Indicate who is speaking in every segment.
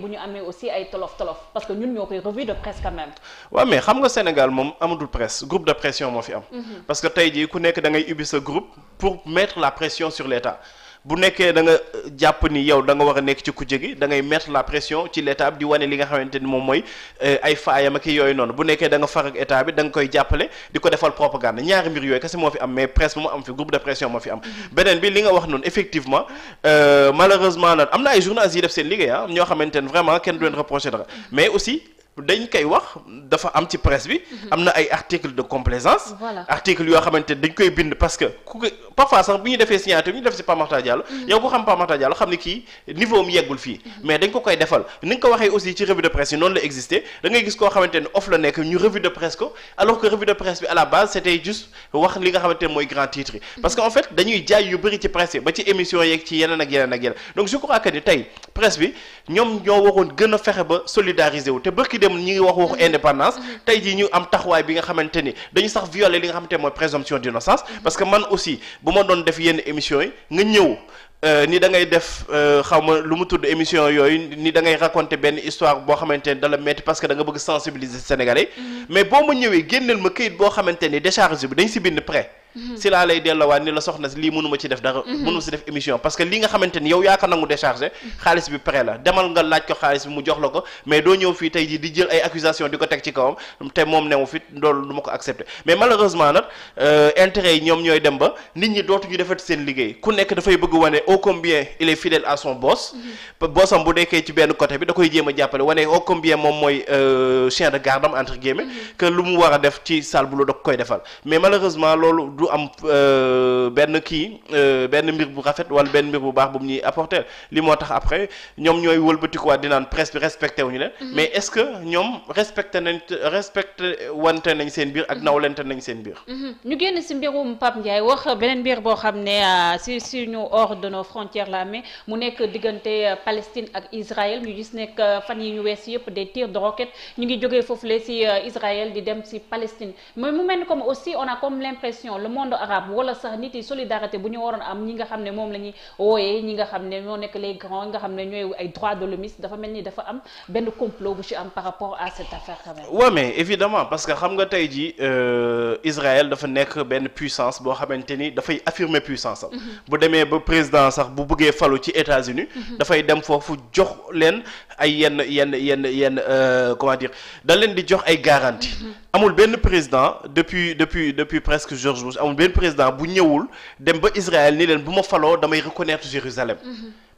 Speaker 1: bu ñu amee aussi ay tolof tolof parce que ñun ñoo koy revue de presse quand même. waaw mais xam nga Sénégal moom amatul presse groupe de pression moo fi am. Mm-hmm. parce que tey jii ku nekk da ngay ubbi sa groupe pour mettre la pression sur l'État. bu nekkee da nga euh, jàpp ni yow da nga war a nekk ci kujje gi da ngay mettre la pression ci l'état bi di wane li nga xamante ni moom mooy euh, ay faayam ak yooyu noonu bu nekkee da nga far ak état bi da koy jàppale di ko defal propagande ñaari mbir yooyu kese moo fi am mais presse moo am fi groupe de pression moo fi am. Mm-hmm. beneen bi li nga wax noonu effectivement euh, malheureusement nag am na ay journalistes yi def seen liggéey ah, ñoo xamante ne vraiment kenn du leen reproché dara mm-hmm. mais dañ koy wax dafa am ci presse bi. Mhm. am na ay articles de complaisance. voilà articles yoo xamante ne dañ koy bind parce que ku ko parfois sax bu ñu defee signature bi ñu def si Pape Makhtar mhm. yow ko xam Pape Makhtar xam ne kii niveau am yeggul fii. Mhm. mais dañ ko koy defal ni nga ko waxee aussi ci revue de presse yi noonu la existé da ngay gis koo xamante ne off la nekk ñu revue de presse ko alors que revue de presse bi à la base c' était juste wax li nga xamante fexe ba solidariser wu te dem ñi ngi wax waxu mhm. indépendance mhm. tey jii ñu am taxawaay bi nga xamante ni dañu sax violer li nga xamante mooy présomption d'innocence mhm. parce que man aussi bu ma doon def yenn émission yi nga ñëw euh, ni dangay ngay def euh, xaw ma lu mu tudd émission yooyu ni dangay ngay raconter benn histoire boo xamante ne dala metti parce que da nga bëgg sensibiliser Sénégalais mais boo ma ñëwee génneel ma këyit boo xamante ni décharge bi dañ si binn prêt Mhm. si laa lay delloowaat ni la soxna lii mënuma ci def dara mhm. mënuma si def émission parce que li nga xamante ni yow yaa ko nangu déchargé mhm. xaalis bi prêt la demal nga laaj ko xaalis bi mu jox la ko mais doo ñëw fii tey jii di jël ay accusation di ko teg ci kawam te moom newu fit loolu du ma ko accepté euh, yi ñoom ñooy dem ba nit ñi dootuñu defati seen liggéey ku nekk dafay bëgg wane au combien il est fidèle à son bu nekkee ci benn côté bi da koy jéem a jàppale wane au combien moom mooy euh, chien de garde am entre lu mu war a def ci salle bu la koy defal mais malheureusement loolu du am euh, benn kii euh, benn mbir bu rafet wala benn mbir bu baax bu ñuy apporter li moo tax après ñoom ñooy wëlbatikuwaat di naan presse bi respecté wuñu leen. Mm-hmm. mais est-ce que ñoom respecté nañ respecté wante nañ seen biir ak mm-hmm. nawlente nañ seen biir. Mm-hmm. ñu génn si mbirum Pape Ndiaye wax beneen mbir boo xam ne euh, si suñu hors de nos frontières la mais mu nekk diggante Palestine ak Israël ñu gis nekk fan yi ñu wees yëpp de tirs de roquettes ñu ngi jógee foofu le si Israël di dem si Palestine monde arabe wala sax ne moom la ñuy wooyee ne ñoo nekk les grands nga xam ne ñooy ay droits de l'homme mais évidemment parce que xam nga tey jii euh, Israël dafa nekk benn puissance boo xamante ni dafay affirmer puissance am. Mhm. bu demee ba président sax bu bëggee falu ci États-Unis mhm. dafay dem foofu jox leen ay yenn yenn yenn yenn euh, comment dire da leen di jox ay garantie mhm. amul benn président depuis depuis depuis presque George Bush amul benn président bu ñëwul dem ba Israël ni leen bu ma faloo damay reconnaître Jérusalem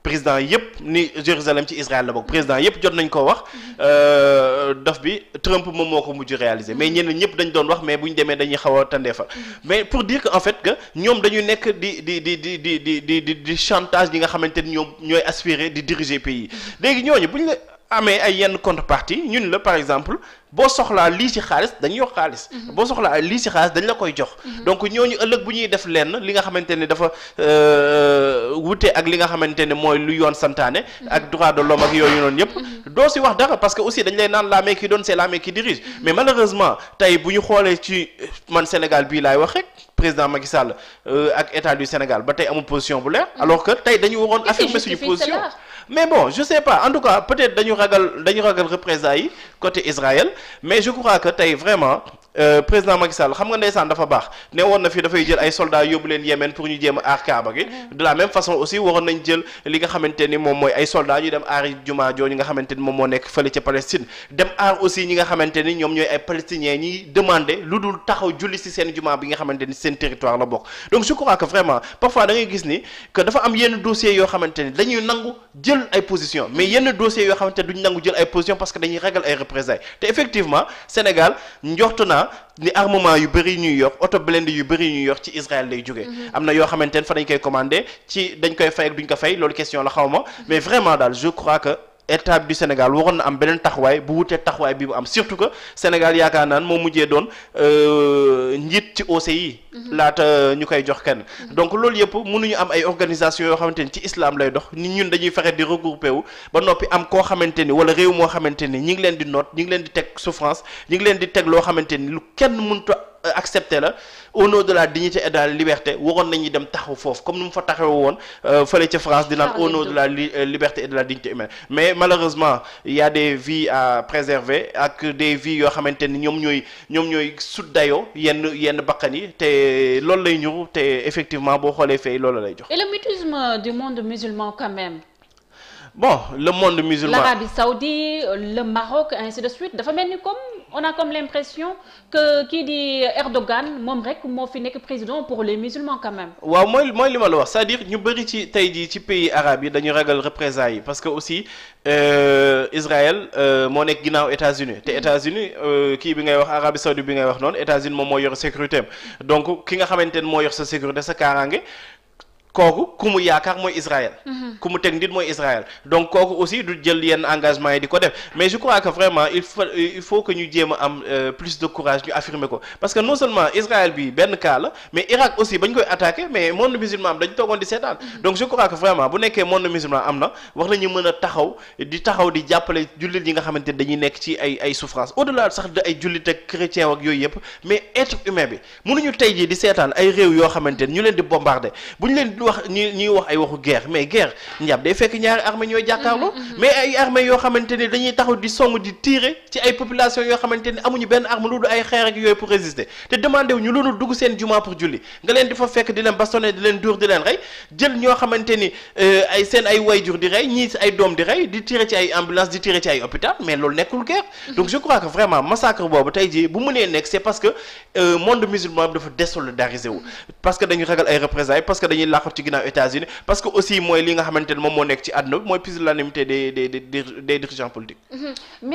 Speaker 1: président yëpp ni Jérusalem ci Israël la bokk président yëpp jot nañ ko wax euh, dof bi Trump moom moo ko mujj réaliser mais ñenn ñëpp dañ doon wax mais bu ñu demee dañuy xaw a tandee fa mais pour dire que en fait que ñoom dañuy nekk di di di di di di di di chantage ñi nga xamante ni ñoom ñooy aspirer di diriger pays léegi ñooñu buñ la amee ay yenn contrepartie ñun la par exemple boo soxlaa lii ci xaalis dañu yokk xaalis. Mhm. boo soxlaa lii ci xaalis dañu la koy jox. Mhm. donc ñooñu ëllëg bu ñuy def lenn li nga xamante ne dafa euh, euh, wute ak li nga xamante ne mooy lu yoon santaane. Mhm. ak droit de l'homme ak yooyu noonu yëpp. doo si wax dara parce que aussi dañ lay naan la main qui donne c'est la main qui dirige mais malheureusement tey bu ñu xoolee ci man Sénégal bii laay wax rek. président Macky euh, ak état du Sénégal ba tey amul position bu leer. alors que tey dañu waroon affirmer suñu position. mais bon je sais pas en tout cas peut-être dañu ragal dañu ragal représailles yi Israël mais je crois que tey vraiment. Euh, président Macky Sall xam nga ndeysaan dafa baax ne woon na fi dafay jël ay soldats yóbbu leen Yémen pour ñu jéem a aar Kaaba gi mm-hmm. de la même façon aussi waroon nañ jël li nga xamante ni moom mooy ay soldats ñu dem aari jumaa moom moo nekk fële ca Palestine dem xamante ni ñoom ñooy ay palestiniens ñiy demander lu dul taxaw julli si seen jumaa bi nga xamante ni seen territoire la bokk donc je crois que vraiment parfois da gis ni que dafa am yenn dossiers yoo xamante ni dañuy nangu jël ay position mais yenn dossiers yoo xamante ni duñ nangu jël ay position parce que dañuy ragal ay représailles te effectivement Sénégal njortu naa ah ni armement yu bëri ñuy yor auto blindé yu bëri ñuy yor ci Israël lay jógee. Mhm. am na yoo xamante fa dañ koy commandé ci dañ koy fay ak duñ ko fay loolu question la xaw ma mais vraiment daal je crois que. état du Sénégal waroon na am beneen taxawaay bu wutee taxawaay bi mu am surtout que Sénégal yaakaar naan moo mujjee doon euh, njiit ci OCI. Mhm. laata ñu koy jox kenn. Mhm. donc loolu yëpp mënuñu am ay organisation yoo xamante ni ci islam lay dox nit ñun dañuy fexe di regroupé wu ba noppi am koo xamante ni wala réew moo xamante ni ñi ngi leen di noot ñi ngi leen di teg souffrance ñi ngi leen di teg loo xamante ni lu kenn mënta accepté la au nom de la dignité et de la liberté waroon nañuy dem taxaw foofu comme ni fa taxaw woon euh, fële ca France di naan au de la euh, liberté et de la dignité humaine mais malheureusement il y a des vies à préserver ak des vies yoo xamante ni ñoom ñooy ñoom ñooy sut dayoo yenn yenn bakkan yi te loolu lay ñuru te effectivement boo xoolee fay loolu lay jox. et bon le monde musulman l'Arabie Saoudite le Maroc ainsi de suite dafa mel ni comme on a comme l'impression que kii di Erdogan moom rek moo fi nekk président pour les musulmans quand même. waaw mooy mooy li ma la wax sa à dire ñu bëri ci tey jii ci pays arabe yi dañu ragal représailles yi parce que aussi euh, Israël euh, moo nekk ginnaaw États-Unis te États-Unis euh, kii bi ngay wax Arabie Saoudite bi ngay wax noonu États-Unis moom moo yor sécurité am donc ki nga xamante ne moo yor sa sécurité sa kaaraange. kooku ku mu yaakaar mooy Israël. Mhm. ku mu teg nit mooy Israël donc kooku aussi du jël yenn engagement yi di ko def mais je crois que vraiment il faut il faut que ñu jéem a am euh, plus de courage ñu affirmer ko parce que non seulement Israël bi benn cas mais Irak aussi bañ koy attaqué mais monde musulman am dañ toogoon di seetaan. Mhm. donc je crois que vraiment bu nekkee monde musulman am na wax nañu mën a taxaw di taxaw di jàppale jullit yi nga xamante ne nekk ci ay ay souffrance au delà sax de ay jullit ak di seetaan ay réew yoo xamante ne ñu leen di bombarder wax ñuy ñuy wax ay waxu guerre mais guerre njàpp day fekk ñaari armée ñooy jàkkaarloo mm-hmm, mm-hmm. mais ay armée yoo xamante ne dañuy taxaw di song di tirer ci ay population yoo xamante ne amuñu benn arme lu dul ay xeer ak yooyu pour résister te demandé wu ñu loolu dugg seen jumaa pour julli nga leen di fekk di leen bastonné di leen dóor di leen rey jël ñoo xamante ni euh, seen ay wayjur di rey ñii ay doom di rey di tirer ci ay ambulance di tirer ci ay hôpital ci ginnaaw États-Unis parce que aussi mooy li nga xamante ne moom moo nekk ci àdduna bi mooy pusillanimité des des des dirigeants politiques mm-hmm.